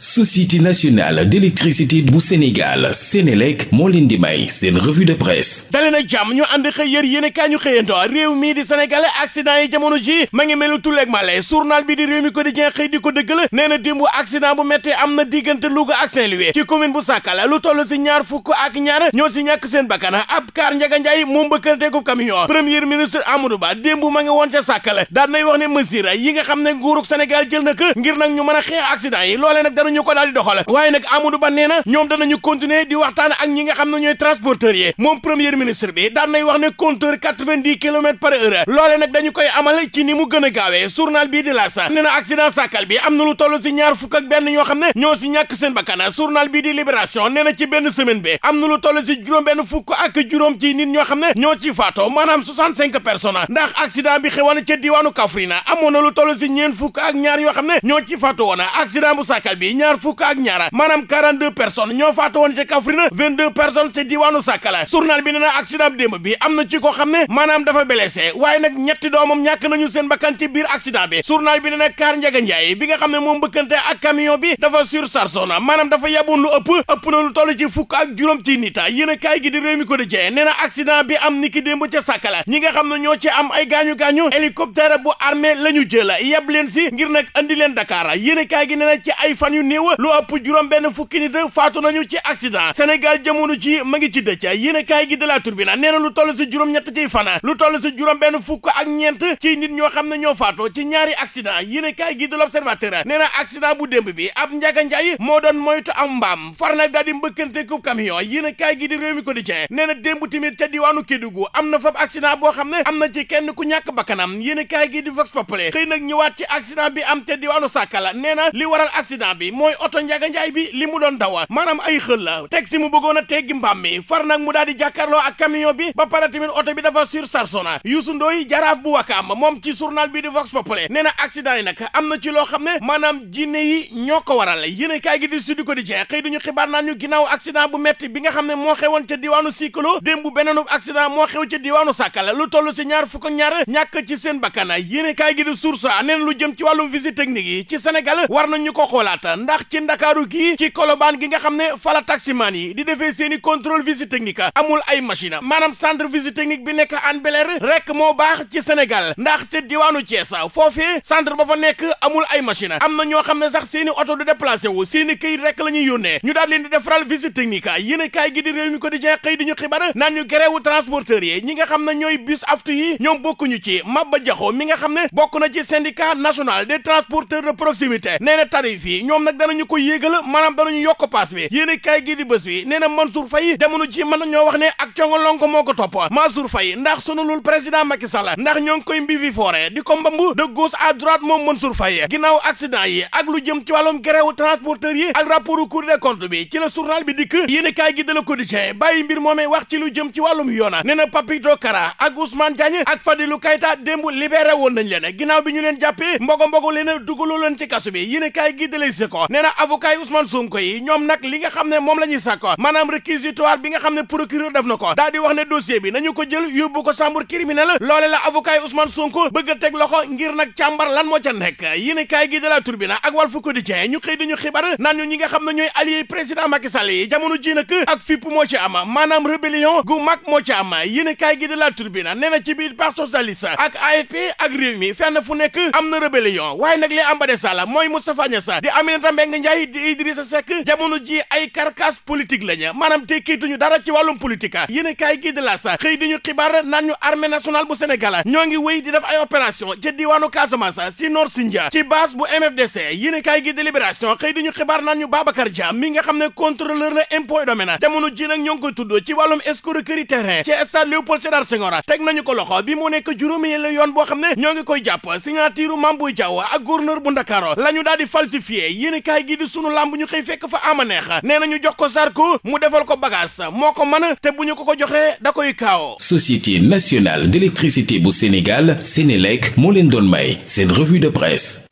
société nationale d'électricité bu Sénégal Sénélec moo leen di may seen revue de presse dali na jàmm ñu ànd xëy yër yéen kaa ñu xëyanto réew mii di Sénégal accident yi jamono ji ma ngi melu tulleeg male journal bi di réew mi quotidien xëy di ko dëggal nee na démb accident bu métti am na diggante Louga ak Saint-Louis ci commune bu Sakala lu toll si ñaar fukk ak ñaar ñoo si ñàkk seen bakkan ab kaar Njaga moom bëkkante ko premier ministre Amadou Ba démb ma ngi woon ca Sakala daan nay wax ne mesure nga xam ne nguurug Sénégal jël na ko ngir nag ñu mën a xeex accident yi loolee noonu ñu ko daal di doxale waaye nag Amadou Ba nee na ñoom danañu continuer di waxtaan ak ñi nga xam ne ñooy transporteurs yi moom premier ministre bi daan nay wax ne compteur quatre-vingt-dix kilomètres par heure loole nag dañu koy amal ci ni mu gën a bii di la sa nee na accident sàkkal bi am na lu toll si ñaar fukk ak benn ñoo xam ne ñoo si ñàkk seen bakkan journal bii di libération nee na ci benn semaine bi am na lu toll si juróom benn fukk ak juróom ci nit ñoo xam ne ñoo ci faatoo maanaam soixante-cinq personnes ndax accident bi xewoon ca diwaanu Kaffrine amoon na lu toll si ñeen fukk ak ñaar yoo xam ne ñoo ci faatu woon accident bu sàkkal bi ñaar fukk ak ñaara maanaam 42 personnes ñoo faatu woon ca Kaffrine 22 personnes ca diwaanu Sakala journal bi nee na accident démb bi am na ci koo xam ne maanaam dafa blessé waaye nag ñetti doomam ñàkk nañu seen bakkan ci biir accident bi journal bi nee na kaar Njaga bi nga xam ne moom bëkkante ak camion bi dafa surchargé na maanaam dafa yeboon lu ëpp ëpp na lu toll ci fukk ak juróom ci nit kaay gi di réew ko di ca Sakala ñi nga xam ne ñoo am ay gaañu-gaañu hélicoptère bu armée la leen si ngir nag andi leen Dakar yéen ay fan néew lu ëpp juróom benn fukki nit faatu nañu ci accident Sénégal jamono ci ma ngi ci dëcc yéen a kaay gi de bi na nee na lu toll si juróom-ñett ciy fana lu toll si juróom benn fukk ak ñeent ci nit ñoo xam ne ñoo faatoo ci ñaari accident yéen a kaay gi de l'observateur nee na accident bu démb bi ab njaga yi moo doon moytu am mbaam far nag daal di mbëkkante ku camion yéen a kaay gi di réew mi quotidien nee na démb tamit ca diwaanu Kédougou am na fab accident boo xam ne am na ci kenn ku ñàkk bakkanam yéen a kaay gi di vox xëy nag ñëwaat ci accident bi am ca diwaanu Sakala nee na li waral accident bi mooy oto Njaga bi li mu doon dawa maanaam ay xël la taxi mu bëggoon a teggi mbaam mi far nag mu daal di jàkkaarloo ak camion bi ba pare tamit oto bi dafa sursarsona Youssou Ndoye jaraaf bu wakaam moom ci journal bi di Vox Populi nee na accident yi nag am na ci loo xam ne maanaam jinne yi ñoo ko waral yéen kaay gi di Sud Quotidien xëy duñu xibaar naan ñu ginnaaw accident bu metti bi nga xam ne moo xewoon ca diwaanu Sikolo démb bu beneenu accident moo xew ca lu toll si ñaar fukk ñaar ñàkk ci seen bakkan yéen kaay gi di Source lu jëm ci wàllum visite technique yi ci Sénégal war nañ ñu ko xoolaat ndax ci ndakaaru gii ci kolobaan gi nga xam ne fala taximaan yi di defee seeni i contrôle visite technique amul ay machine maanaam centre visite technique bi nekk Hann Bel-Air rek moo baax ci Sénégal ndax ci diwaanu Thiès foofee centre ba fa nekk amul ay machine am na ñoo xam ne sax seeni oto du déplacé wu seen i këyit rek la ñuy yónnee ñu daal leen di defaral visite technique yéen a kaay gi di réew mi ko di jeex xëy di ñu xibaar naan ñu gerewu transporteurs yi ñi nga xam ne ñooy bus aftu yi ñoom bokkuñu ci Maba Jaxo mi nga xam ne bokk na ci syndicat national des transporteurs de proximité nee na tarif yi ñoom nag danañu ko yéegala maanaam danañu yokk paas bi yéen i kaay gii bi nee na Mansour Faye jamono ji ñoo wax ne ak congolonko moo ko topp Mansour Faye ndax sonalul président Macky Sall ndax ñoo ngi koy mbi fi foore di ko mbamb de gauche à droite moom Mansour Faye ginnaaw accident yi ak lu jëm ci wàllum grève transporteur yi ak rapport Cour des comptes bi ci la journal bi dikk yéen i kaay gi de la Quotidien bàyyi mbir moomee wax ci lu jëm ci wàllum yoona nee na Papito Kara bi ñu leen jàppee mbogo ko nee na avocat yi Ousmane Sonko yi ñoom nag li nga xam ne moom la ñuy sàkko maanaam réquisitoire bi nga xam ne procureur def na ko daal di wax ne dossier bi nañu ko jël yóbbu ko chambre criminelle loole la avocat yi Ousmane bëgg teg loxo ngir nag càmbar lan moo ca nekk yéen kaay gi de la Tribune ak Walf Quotidien ñu xëy dañu xibaar naan ñu ñi nga xam ne ñooy allié président Macky Sall yi jamono ji nag ak fipp moo ci am maanaam rébellion gu mag moo ci am yéen kaay la Tribune nee na biir Parti socialiste fu nekk am na rébellion waaye nag li am ba de mooy Moustapha Niasse di Aminata Mbengue Ndiaye di Idrissa Seck ji ay carcasse politique la ñu maanaam tekkiituñu dara ci wàllum politique yéen kaay gi de xëy di ñu xibaar nan ñu armée nationale bu Sénégal ñoo ngi wéy di def ay opération ci diwaanu Casamance ci Nord Sindia ci base bu MFDC yéen kaay gi de Libération xëy di ñu xibaar naan ñu Babacar Dia mi nga xam ne contrôleur la impôt na jamono ji nag ñoo ngi koy tudd ci wàllum escroquerie terrain ci stade Léopold Sédar nañu ko loxo bi mu nekk juróomi la yoon boo xam ne ñoo ngi koy jàpp signature Mamboy Diaw ak gouverneur bu Ndakaaru lañu daal di falsifier yéenekaay gi di sunu làmb ñu xëy fekk fa ama neex nee na ñu jox ko Zarko mu defal ko bagage moo ko mën te bu ñu ko ko joxee da koy kaaw. Société nationale d'électricité bu Sénégal Sénélec moo leen doon may seen revue de presse.